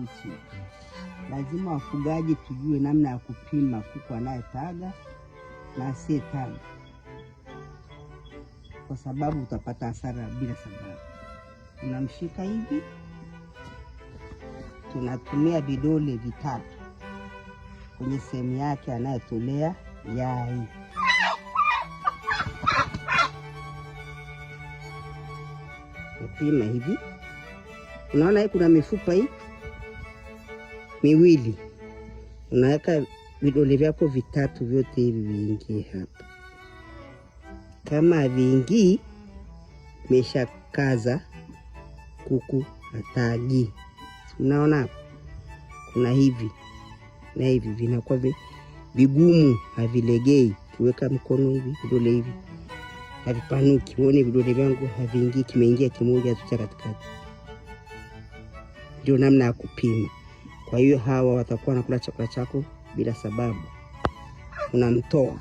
nchi. Lazima wafugaji tujue namna ya kupima kuku anayetaga na asiyetaga, kwa sababu utapata hasara bila sababu. Unamshika hivi, tunatumia vidole vitatu kwenye sehemu yake anayetolea yai pima hivi, unaona hii kuna mifupa hii miwili, unaweka vidole vyako vitatu vyote hivi viingie hapa. Kama haviingii, meshakaza kuku hatagi. Unaona kuna hivi na hivi vinakuwa vigumu, havilegei. kuweka mkono hivi, vidole hivi havipanuki. Uone vidole vyangu haviingii, kimeingia kimoja tu cha katikati. Ndio namna ya kupima. Kwa hiyo hawa watakuwa nakula chakula chako bila sababu, unamtoa